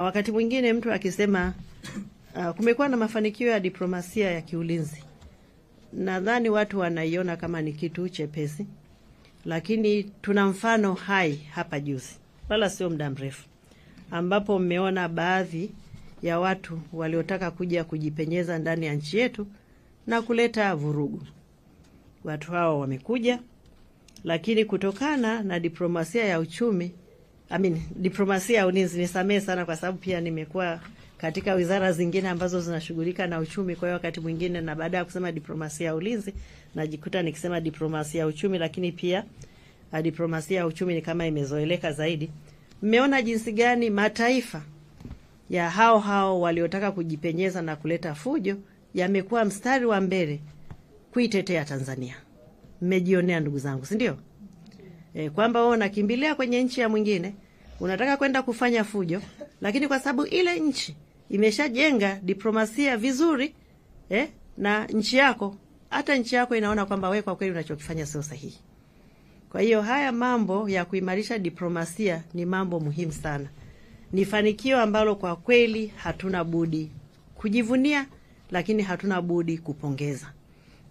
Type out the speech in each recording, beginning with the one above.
Wakati mwingine mtu akisema uh, kumekuwa na mafanikio ya diplomasia ya kiulinzi, nadhani watu wanaiona kama ni kitu chepesi, lakini tuna mfano hai hapa juzi, wala sio muda mrefu, ambapo mmeona baadhi ya watu waliotaka kuja kujipenyeza ndani ya nchi yetu na kuleta vurugu. Watu hao wamekuja, lakini kutokana na diplomasia ya uchumi I mean, diplomasia ya ulinzi, nisamehe sana kwa sababu pia nimekuwa katika wizara zingine ambazo zinashughulika na uchumi. Kwa hiyo wakati mwingine, na baada ya kusema diplomasia ya ulinzi, najikuta nikisema diplomasia ya uchumi, lakini pia ah, diplomasia ya uchumi ni kama imezoeleka zaidi. Mmeona jinsi gani mataifa ya hao hao waliotaka kujipenyeza na kuleta fujo yamekuwa mstari wa mbele kuitetea Tanzania. Mmejionea ndugu zangu, si ndio? e, kwamba wewe unakimbilia kwenye nchi ya mwingine unataka kwenda kufanya fujo, lakini kwa sababu ile nchi imeshajenga diplomasia vizuri e, na nchi yako, hata nchi yako inaona kwamba wewe kwa kweli unachokifanya sio sahihi. Kwa hiyo haya mambo ya kuimarisha diplomasia ni mambo muhimu sana, ni fanikio ambalo kwa kweli hatuna budi kujivunia, lakini hatuna budi kupongeza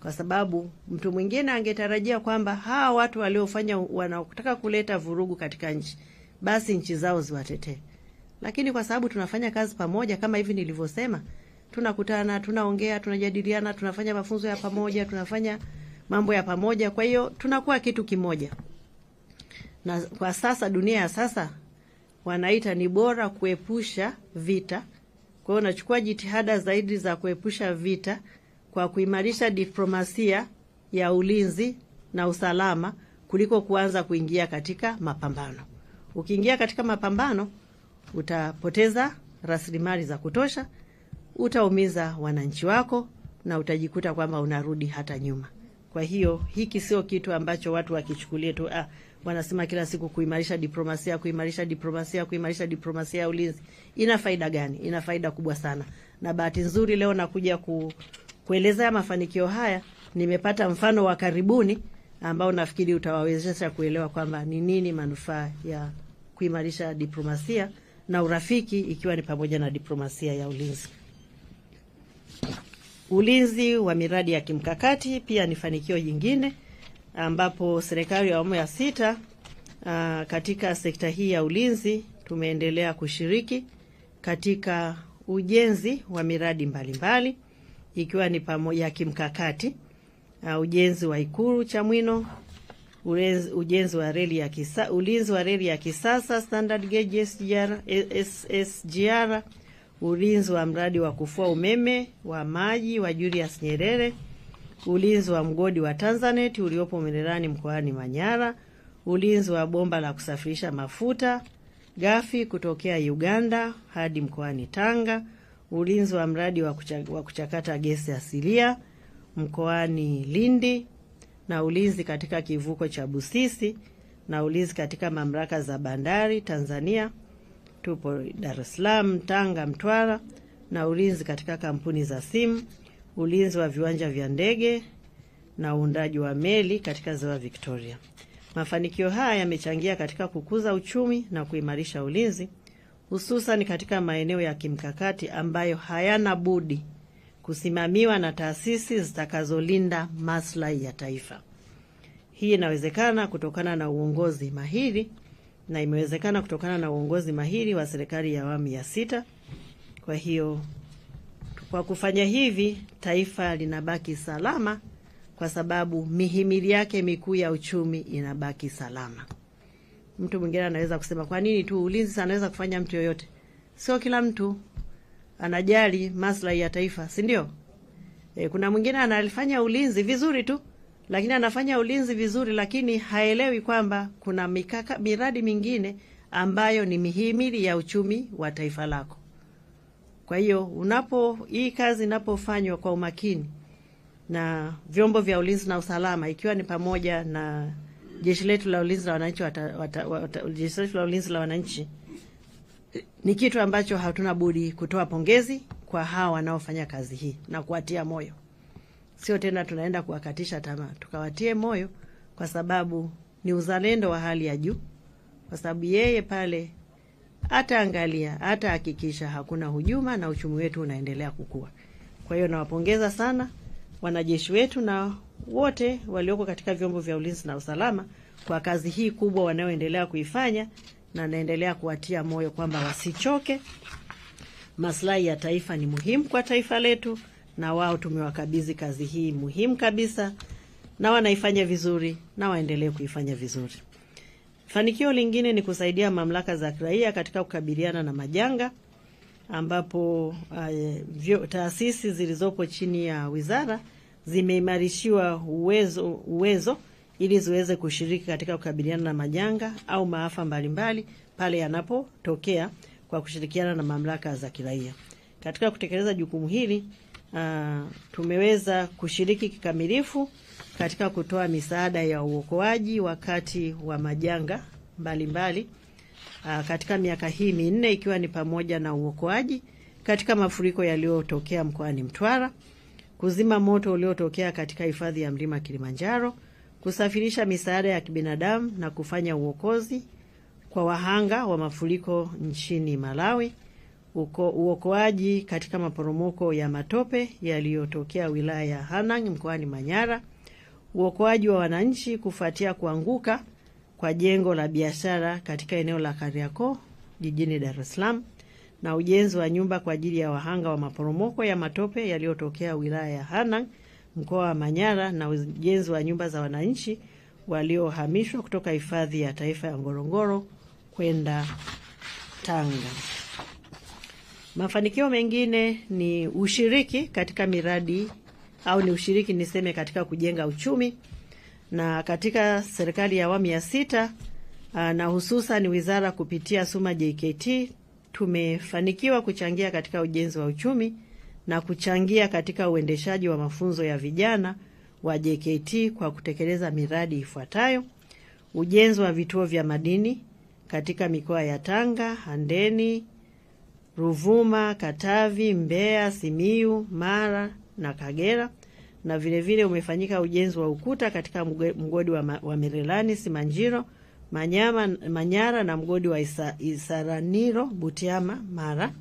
kwa sababu mtu mwingine angetarajia kwamba hawa watu waliofanya wanaotaka kuleta vurugu katika nchi basi nchi zao ziwatetee, lakini kwa sababu tunafanya kazi pamoja kama hivi nilivyosema, tunakutana, tunaongea, tunajadiliana, tunafanya mafunzo ya pamoja, tunafanya mambo ya pamoja, kwa hiyo tunakuwa kitu kimoja. Na kwa sasa, dunia ya sasa wanaita ni bora kuepusha vita. Kwa hiyo unachukua jitihada zaidi za kuepusha vita kwa kuimarisha diplomasia ya ulinzi na usalama kuliko kuanza kuingia katika mapambano. Ukiingia katika mapambano, utapoteza rasilimali za kutosha, utaumiza wananchi wako na utajikuta kwamba unarudi hata nyuma. Kwa hiyo hiki sio kitu ambacho watu wakichukulie tu, ah, wanasema kila siku kuimarisha diplomasia, kuimarisha diplomasia, kuimarisha diplomasia ya ulinzi. Ina faida gani? Ina faida kubwa sana, na bahati nzuri leo nakuja ku Kuelezea mafanikio haya, nimepata mfano wa karibuni ambao nafikiri utawawezesha kuelewa kwamba ni nini manufaa ya kuimarisha diplomasia na urafiki ikiwa ni pamoja na diplomasia ya ulinzi. Ulinzi wa miradi ya kimkakati pia ni fanikio jingine, ambapo serikali ya awamu ya sita a, ah, katika sekta hii ya ulinzi tumeendelea kushiriki katika ujenzi wa miradi mbalimbali mbali ikiwa ni pamoja ya kimkakati uh, ujenzi wa Ikulu Chamwino, ujenzi wa reli ya kisa, ulinzi wa reli ya kisasa standard gauge SGR, SGR, ulinzi wa mradi wa kufua umeme wa maji wa Julius Nyerere, ulinzi wa mgodi wa Tanzanet uliopo Mererani mkoani Manyara, ulinzi wa bomba la kusafirisha mafuta ghafi kutokea Uganda hadi mkoani Tanga ulinzi wa mradi wa, kuchak wa kuchakata gesi asilia mkoani Lindi na ulinzi katika kivuko cha Busisi na ulinzi katika mamlaka za bandari Tanzania, tupo Dar es Salaam, Tanga, Mtwara na ulinzi katika kampuni za simu, ulinzi wa viwanja vya ndege na uundaji wa meli katika ziwa Victoria. Mafanikio haya yamechangia katika kukuza uchumi na kuimarisha ulinzi hususan katika maeneo ya kimkakati ambayo hayana budi kusimamiwa na taasisi zitakazolinda maslahi ya taifa. Hii inawezekana kutokana na uongozi mahiri na imewezekana kutokana na uongozi mahiri wa serikali ya awamu ya sita. Kwa hiyo kwa kufanya hivi, taifa linabaki salama, kwa sababu mihimili yake mikuu ya uchumi inabaki salama. Mtu mwingine anaweza kusema kwa nini tu ulinzi, anaweza kufanya mtu yoyote. Sio kila mtu anajali maslahi ya taifa, si ndio? E, kuna mwingine analifanya ulinzi vizuri tu, lakini anafanya ulinzi vizuri, lakini haelewi kwamba kuna mikaka, miradi mingine ambayo ni mihimili ya uchumi wa taifa lako. Kwa hiyo unapo hii kazi inapofanywa kwa umakini na vyombo vya ulinzi na usalama, ikiwa ni pamoja na jeshi letu la ulinzi la wananchi jeshi letu la ulinzi la wananchi ni kitu ambacho hatuna budi kutoa pongezi kwa hawa wanaofanya kazi hii na kuwatia moyo. Sio tena tunaenda kuwakatisha tamaa, tukawatie moyo, kwa sababu ni uzalendo wa hali ya juu, kwa sababu yeye pale ataangalia, atahakikisha hakuna hujuma na uchumi wetu unaendelea kukua. Kwa hiyo nawapongeza sana wanajeshi wetu na wote walioko katika vyombo vya ulinzi na usalama kwa kazi hii kubwa wanayoendelea kuifanya, na naendelea kuwatia moyo kwamba wasichoke. Maslahi ya taifa ni muhimu kwa taifa letu, na wao tumewakabidhi kazi hii muhimu kabisa, na wanaifanya vizuri na waendelee kuifanya vizuri. Fanikio lingine ni kusaidia mamlaka za kiraia katika kukabiliana na majanga ambapo uh, taasisi zilizopo chini ya wizara zimeimarishiwa uwezo, uwezo ili ziweze kushiriki katika kukabiliana na majanga au maafa mbalimbali pale yanapotokea kwa kushirikiana na mamlaka za kiraia. Katika kutekeleza jukumu hili uh, tumeweza kushiriki kikamilifu katika kutoa misaada ya uokoaji wakati wa majanga mbalimbali mbali uh, katika miaka hii minne ikiwa ni pamoja na uokoaji katika mafuriko yaliyotokea mkoani Mtwara, kuzima moto uliotokea katika hifadhi ya mlima Kilimanjaro, kusafirisha misaada ya kibinadamu na kufanya uokozi kwa wahanga wa mafuriko nchini Malawi, uko, uokoaji katika maporomoko ya matope yaliyotokea wilaya ya Hanang mkoani Manyara, uokoaji wa wananchi kufuatia kuanguka kwa jengo la biashara katika eneo la Kariakoo jijini Dar es Salaam na ujenzi wa nyumba kwa ajili ya wahanga wa maporomoko ya matope yaliyotokea wilaya ya Hanang mkoa wa Manyara na ujenzi wa nyumba za wananchi waliohamishwa kutoka hifadhi ya taifa ya Ngorongoro kwenda Tanga. Mafanikio mengine ni ushiriki katika miradi au ni ushiriki niseme katika kujenga uchumi na katika serikali ya awamu ya sita ah, na hususan wizara kupitia SUMA JKT tumefanikiwa kuchangia katika ujenzi wa uchumi na kuchangia katika uendeshaji wa mafunzo ya vijana wa JKT kwa kutekeleza miradi ifuatayo: ujenzi wa vituo vya madini katika mikoa ya Tanga, Handeni, Ruvuma, Katavi, Mbeya, Simiu, Mara na Kagera, na vilevile vile umefanyika ujenzi wa ukuta katika mgodi wa, wa Merelani Simanjiro Manyama, Manyara na mgodi wa Isa, Isaraniro Butiama Mara.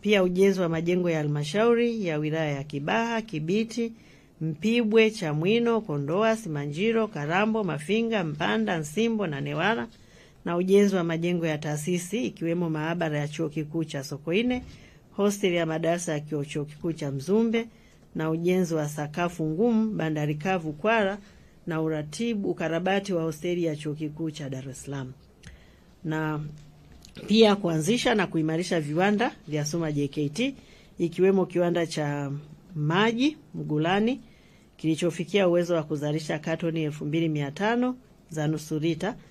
Pia ujenzi wa majengo ya halmashauri ya wilaya ya Kibaha, Kibiti, Mpibwe, Chamwino, Kondoa, Simanjiro, Karambo, Mafinga, Mpanda, Nsimbo na Newala na ujenzi wa majengo ya taasisi ikiwemo maabara ya chuo kikuu cha Sokoine, hosteli ya madarasa ya chuo kikuu cha Mzumbe na ujenzi wa sakafu ngumu bandari kavu Kwara na uratibu ukarabati wa hosteli ya chuo kikuu cha Dar es Salaam na pia kuanzisha na kuimarisha viwanda vya Suma JKT ikiwemo kiwanda cha maji Mgulani kilichofikia uwezo wa kuzalisha katoni elfu mbili mia tano za nusu lita